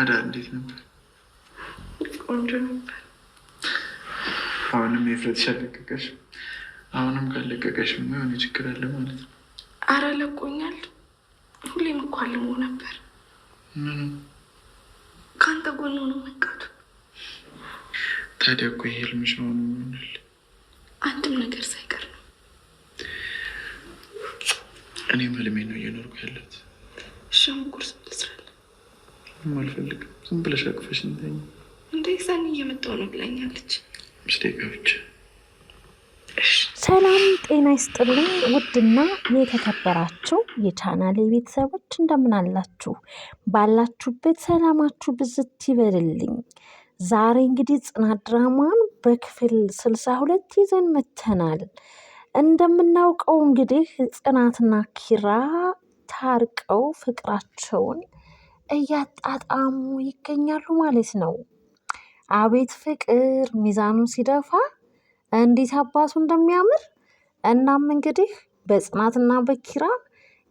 አዳ እንዴት ነበር? ቆንጆ ነበር። አሁንም የፍረትሻ አለቀቀሽ? አሁንም ካለቀቀሽ የሆነ ችግር አለ ማለት ነው። አረ ለቆኛል። ሁሌም እኮ አልሞ ነበር። ምኑ ከአንተ ጎን ሆኖ መቃቱ። ታዲያ እኮ ይሄ ህልምሽ ነው ይሆናል። አንድም ነገር ሳይቀር ነው። እኔም ህልሜ ነው እየኖርኩ ያለት ሸምቁርስ አልፈልግም። ዝም ብለሽ አቅፈሽ እንተኝ። እንዴ ሰኒ እየመጣሁ ነው ብላኛለች። ምስደቃዎች ሰላም ጤና ይስጥልኝ። ውድና የተከበራችሁ የቻናሌ ቤተሰቦች እንደምን አላችሁ? ባላችሁበት ሰላማችሁ ብዝት ይበልልኝ። ዛሬ እንግዲህ ጽናት ድራማን በክፍል ስልሳ ሁለት ይዘን መተናል። እንደምናውቀው እንግዲህ ጽናትና ኪራ ታርቀው ፍቅራቸውን እያጣጣሙ ይገኛሉ ማለት ነው። አቤት ፍቅር ሚዛኑ ሲደፋ እንዴት አባቱ እንደሚያምር። እናም እንግዲህ በጽናትና በኪራ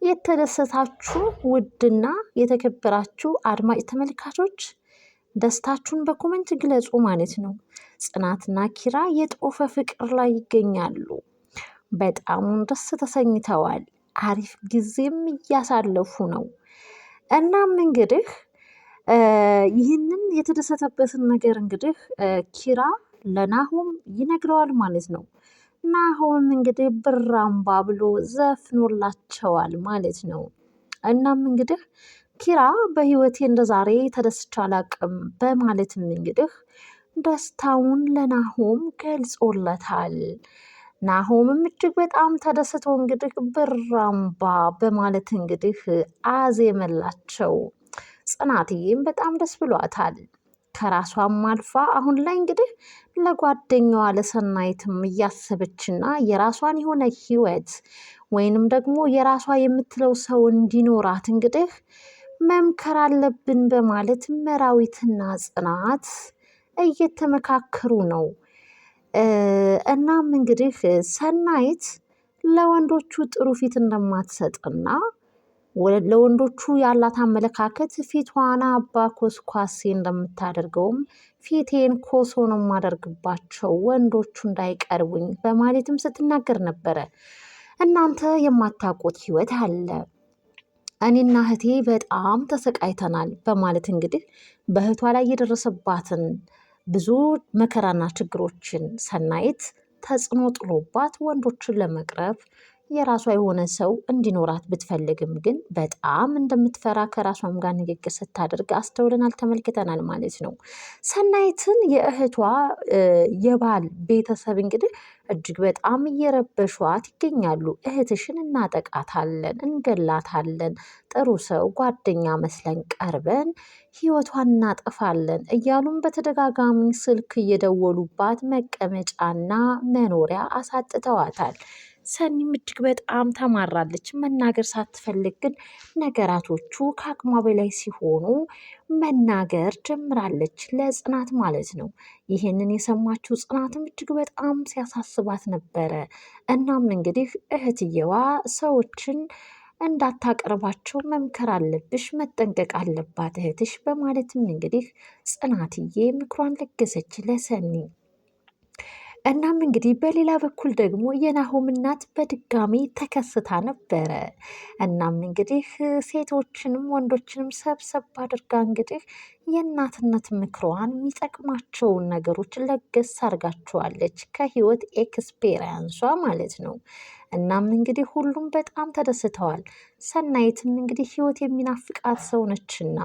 የተደሰታችሁ ውድና የተከበራችሁ አድማጭ ተመልካቾች ደስታችሁን በኮመንት ግለጹ ማለት ነው። ጽናትና ኪራ የጦፈ ፍቅር ላይ ይገኛሉ። በጣሙን ደስ ተሰኝተዋል። አሪፍ ጊዜም እያሳለፉ ነው። እናም እንግዲህ ይህንን የተደሰተበትን ነገር እንግዲህ ኪራ ለናሆም ይነግረዋል ማለት ነው። ናሆም እንግዲህ ብራምባ ብሎ ዘፍኖላቸዋል ማለት ነው። እናም እንግዲህ ኪራ በህይወቴ እንደ ዛሬ ተደስቼ አላቅም በማለትም እንግዲህ ደስታውን ለናሆም ገልጾለታል። ናሆምም እጅግ በጣም ተደስቶ እንግዲህ ብራምባ በማለት እንግዲህ አዜመላቸው። ጽናትዬም በጣም ደስ ብሏታል። ከራሷም አልፋ አሁን ላይ እንግዲህ ለጓደኛዋ ለሰናይትም እያሰበችና የራሷን የሆነ ህይወት ወይንም ደግሞ የራሷ የምትለው ሰው እንዲኖራት እንግዲህ መምከር አለብን በማለት መራዊትና ጽናት እየተመካከሩ ነው። እናም እንግዲህ ሰናይት ለወንዶቹ ጥሩ ፊት እንደማትሰጥና ለወንዶቹ ያላት አመለካከት ፊቷን አባ ኮስኳሴ እንደምታደርገውም ፊቴን ኮሶ ነው የማደርግባቸው ወንዶቹ እንዳይቀርቡኝ በማለትም ስትናገር ነበረ። እናንተ የማታውቁት ህይወት አለ። እኔና እህቴ በጣም ተሰቃይተናል በማለት እንግዲህ በእህቷ ላይ የደረሰባትን ብዙ መከራና ችግሮችን ሰናይት ተጽዕኖ ጥሎባት ወንዶችን ለመቅረብ የራሷ የሆነ ሰው እንዲኖራት ብትፈልግም ግን በጣም እንደምትፈራ ከራሷም ጋር ንግግር ስታደርግ አስተውለናል፣ ተመልክተናል ማለት ነው። ሰናይትን የእህቷ የባል ቤተሰብ እንግዲህ እጅግ በጣም እየረበሿት ይገኛሉ። እህትሽን እናጠቃታለን፣ እንገላታለን፣ ጥሩ ሰው ጓደኛ መስለን ቀርበን ህይወቷን እናጠፋለን እያሉም በተደጋጋሚ ስልክ እየደወሉባት መቀመጫና መኖሪያ አሳጥተዋታል። ሰኒም እጅግ በጣም ተማራለች። መናገር ሳትፈልግ ግን ነገራቶቹ ከአቅሟ በላይ ሲሆኑ መናገር ጀምራለች፣ ለጽናት ማለት ነው። ይህንን የሰማችው ጽናትም እጅግ በጣም ሲያሳስባት ነበረ። እናም እንግዲህ እህትየዋ ሰዎችን እንዳታቀርባቸው መምከር አለብሽ፣ መጠንቀቅ አለባት እህትሽ በማለትም እንግዲህ ጽናትዬ ምክሯን ለገሰች ለሰኒ። እናም እንግዲህ በሌላ በኩል ደግሞ የናሆም እናት በድጋሚ ተከስታ ነበረ። እናም እንግዲህ ሴቶችንም ወንዶችንም ሰብሰብ አድርጋ እንግዲህ የእናትነት ምክሯን የሚጠቅማቸውን ነገሮች ለገስ አድርጋቸዋለች ከህይወት ኤክስፔሪያንሷ ማለት ነው። እናም እንግዲህ ሁሉም በጣም ተደስተዋል። ሰናይትም እንግዲህ ህይወት የሚናፍቃት ሰው ነችና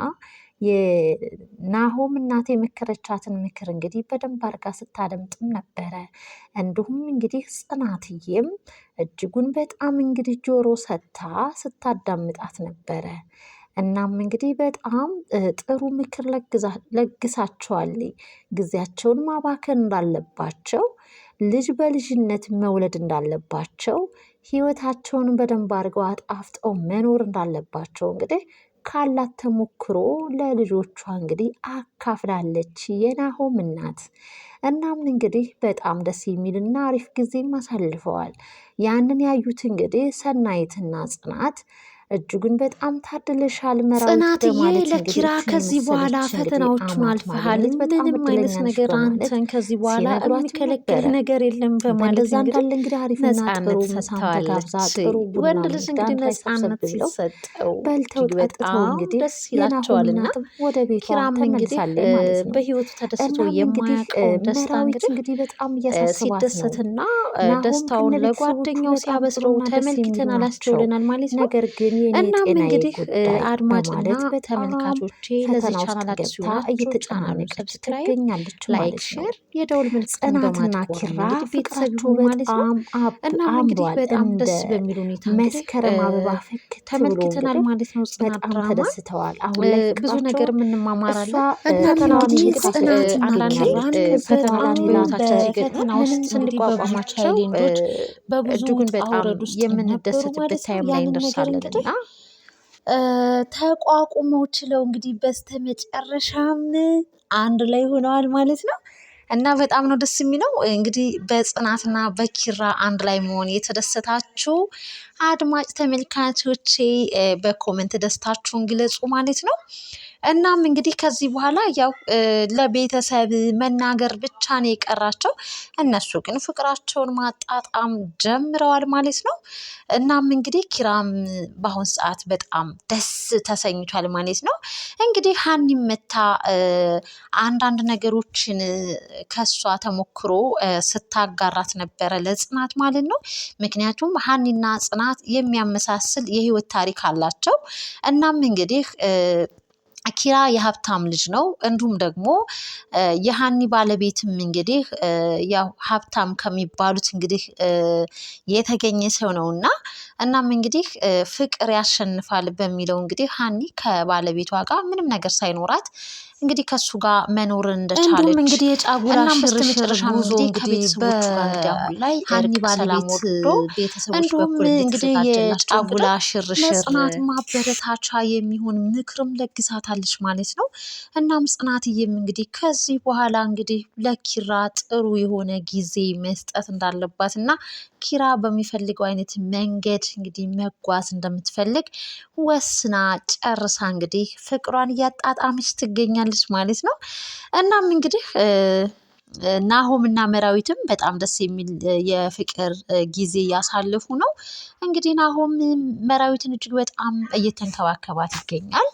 የናሆም እናት የመከረቻትን ምክር እንግዲህ በደንብ አርጋ ስታደምጥም ነበረ። እንዲሁም እንግዲህ ጽናትዬም እጅጉን በጣም እንግዲህ ጆሮ ሰጥታ ስታዳምጣት ነበረ። እናም እንግዲህ በጣም ጥሩ ምክር ለግሳቸዋል ጊዜያቸውን ማባከን እንዳለባቸው፣ ልጅ በልጅነት መውለድ እንዳለባቸው፣ ህይወታቸውን በደንብ አድርገው አጣፍጠው መኖር እንዳለባቸው እንግዲህ ካላት ተሞክሮ ለልጆቿ እንግዲህ አካፍላለች የናሆም እናት። እናም እንግዲህ በጣም ደስ የሚልና አሪፍ ጊዜም አሳልፈዋል። ያንን ያዩት እንግዲህ ሰናይትና ጽናት እጅጉን በጣም ታድለሻል። ጽናትዬ ለኪራ ከዚህ በኋላ ፈተናዎቹን አልፈሃል፣ ምንም አይነት ነገር አንተን ከዚህ በኋላ የሚከለክልህ ነገር የለም በማለት እንግዲህ ነጻነት ሰጥተዋለች። ወንድ ልጅ እንግዲህ ነጻነት ሲሰጠው በልተው ጠጥተው እንግዲህ ደስ ይላቸዋልና ወደ ቤቷ ተመልሳለች ማለት በህይወቱ ተደስቶ የማያውቀው ደስታ እንግዲህ በጣም ሲደሰትና ደስታውን ለጓደኛው ሲያበስረው ተመልክተን አላስተውለናል ማለት ነገር ግን እናም እንግዲህ አድማጭና ተመልካቾቼ ለዚህ ቻናል አዲስ ሆናችሁ ትገኛለች። ላይክ፣ ሼር የደውል ምልክቱን ማለት ነው። እንግዲህ በጣም ደስ በሚል ሁኔታ መስከረም አበባ ተመልክተናል ማለት ነው። ጽናት ተደስተዋል። አሁን ብዙ ነገር የምንማማራለን እና እንግዲህ ጽናት አንዳንድ ፈተናዎች በህይወታችን ውስጥ በብዙ ውስጥ የምንደሰትበት ታይም ላይ እንደርሳለን። እና ተቋቁሞ ችለው እንግዲህ በስተመጨረሻም አንድ ላይ ሆነዋል ማለት ነው። እና በጣም ነው ደስ የሚለው እንግዲህ በጽናትና በኪራ አንድ ላይ መሆን የተደሰታችሁ አድማጭ ተመልካቾቼ በኮመንት ደስታችሁን ግለጹ ማለት ነው። እናም እንግዲህ ከዚህ በኋላ ያው ለቤተሰብ መናገር ብቻ ነው የቀራቸው። እነሱ ግን ፍቅራቸውን ማጣጣም ጀምረዋል ማለት ነው። እናም እንግዲህ ኪራም በአሁን ሰዓት በጣም ደስ ተሰኝቷል ማለት ነው። እንግዲህ ሀኒ መታ አንዳንድ ነገሮችን ከሷ ተሞክሮ ስታጋራት ነበረ ለጽናት ማለት ነው። ምክንያቱም ሀኒና ጽናት እናት የሚያመሳስል የህይወት ታሪክ አላቸው። እናም እንግዲህ ኪራ የሀብታም ልጅ ነው። እንዲሁም ደግሞ የሀኒ ባለቤትም እንግዲህ ያው ሀብታም ከሚባሉት እንግዲህ የተገኘ ሰው ነው እና እናም እንግዲህ ፍቅር ያሸንፋል በሚለው እንግዲህ ሀኒ ከባለቤቷ ጋር ምንም ነገር ሳይኖራት እንግዲህ ከሱ ጋር መኖር እንደቻለች እንግዲህ የጫጉላ ሽርሽርሻ ጉዞ ከቤተሰቦቹ ጋር ላይ ሀኒ ባለቤት ቤተሰቦች እንግዲህ የጫጉላ ሽርሽር ማበረታቻ የሚሆን ምክርም ለግሳታለች ማለት ነው። እናም ጽናትዬም እንግዲህ ከዚህ በኋላ እንግዲህ ለኪራ ጥሩ የሆነ ጊዜ መስጠት እንዳለባት እና ኪራ በሚፈልገው አይነት መንገድ እንግዲህ መጓዝ እንደምትፈልግ ወስና ጨርሳ እንግዲህ ፍቅሯን እያጣጣመች ትገኛለች ማለት ነው። እናም እንግዲህ ናሆም እና መራዊትም በጣም ደስ የሚል የፍቅር ጊዜ እያሳለፉ ነው። እንግዲህ ናሆም መራዊትን እጅግ በጣም እየተንከባከባት ይገኛል።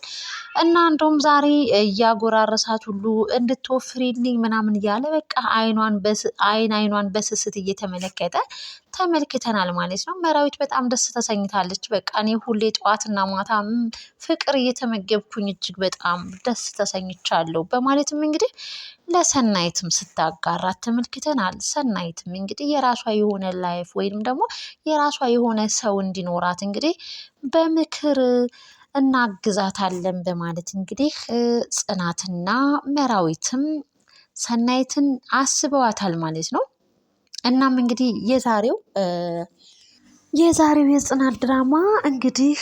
እና እንደውም ዛሬ እያጎራረሳት ሁሉ እንድትወፍሪልኝ ምናምን እያለ በቃ አይን አይኗን በስስት እየተመለከተ ተመልክተናል ማለት ነው። መራዊት በጣም ደስ ተሰኝታለች። በቃ እኔ ሁሌ ጠዋትና ማታ ፍቅር እየተመገብኩኝ እጅግ በጣም ደስ ተሰኝቻለሁ በማለትም እንግዲህ ለሰናይትም ስታጋራት ተመልክተናል። ሰናይትም እንግዲህ የራሷ የሆነ ላይፍ ወይንም ደግሞ የራሷ የሆነ ሰው እንዲኖራት እንግዲህ በምክር እናግዛታለን በማለት እንግዲህ ጽናትና መራዊትም ሰናይትን አስበዋታል ማለት ነው። እናም እንግዲህ የዛሬው የዛሬው የጽናት ድራማ እንግዲህ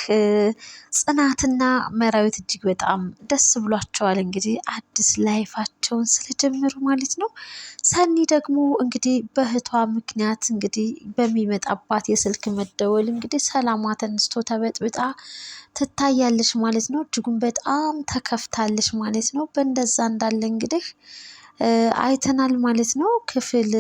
ጽናትና መራዊት እጅግ በጣም ደስ ብሏቸዋል። እንግዲህ አዲስ ላይፋቸውን ስለጀመሩ ማለት ነው። ሰኒ ደግሞ እንግዲህ በእህቷ ምክንያት እንግዲህ በሚመጣባት የስልክ መደወል እንግዲህ ሰላሟ ተነስቶ ተበጥብጣ ትታያለች ማለት ነው። እጅጉን በጣም ተከፍታለች ማለት ነው። በእንደዛ እንዳለ እንግዲህ አይተናል ማለት ነው። ክፍል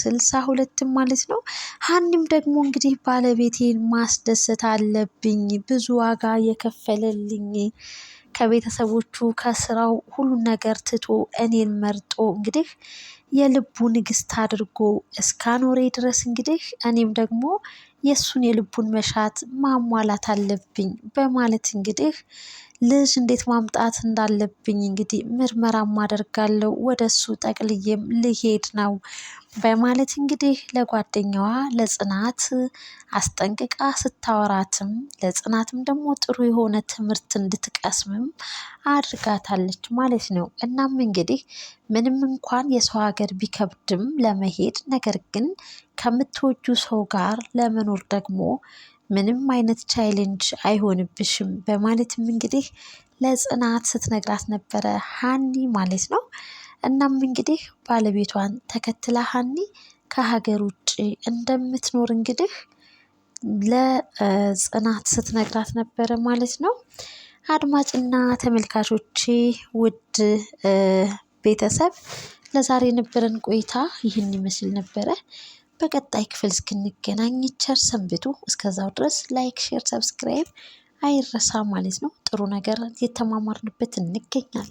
ስልሳ ሁለትም ማለት ነው። ሀኒም ደግሞ እንግዲህ ባለቤቴን ማስደሰት አለብኝ ብዙ ዋጋ የከፈለልኝ ከቤተሰቦቹ ከስራው ሁሉን ነገር ትቶ እኔን መርጦ እንግዲህ የልቡ ንግስት አድርጎ እስካኖሬ ድረስ እንግዲህ እኔም ደግሞ የእሱን የልቡን መሻት ማሟላት አለብኝ በማለት እንግዲህ ልጅ እንዴት ማምጣት እንዳለብኝ እንግዲህ ምርመራም አደርጋለሁ ወደ እሱ ጠቅልዬም ልሄድ ነው በማለት እንግዲህ ለጓደኛዋ ለጽናት አስጠንቅቃ ስታወራትም ለጽናትም ደግሞ ጥሩ የሆነ ትምህርት እንድትቀስምም አድርጋታለች ማለት ነው። እናም እንግዲህ ምንም እንኳን የሰው ሀገር ቢከብድም ለመሄድ ነገር ግን ከምትወጁ ሰው ጋር ለመኖር ደግሞ ምንም አይነት ቻይሌንጅ አይሆንብሽም በማለትም እንግዲህ ለጽናት ስትነግራት ነበረ ሀኒ ማለት ነው። እናም እንግዲህ ባለቤቷን ተከትላ ሀኒ ከሀገር ውጭ እንደምትኖር እንግዲህ ለጽናት ስትነግራት ነበረ ማለት ነው። አድማጭና ተመልካቾቼ ውድ ቤተሰብ ለዛሬ የነበረን ቆይታ ይህን ይመስል ነበረ። በቀጣይ ክፍል እስክንገናኝ ቸር ሰንብቱ። እስከዛው ድረስ ላይክ፣ ሼር፣ ሰብስክራይብ አይረሳ ማለት ነው። ጥሩ ነገር የተማማርንበት እንገኛለን።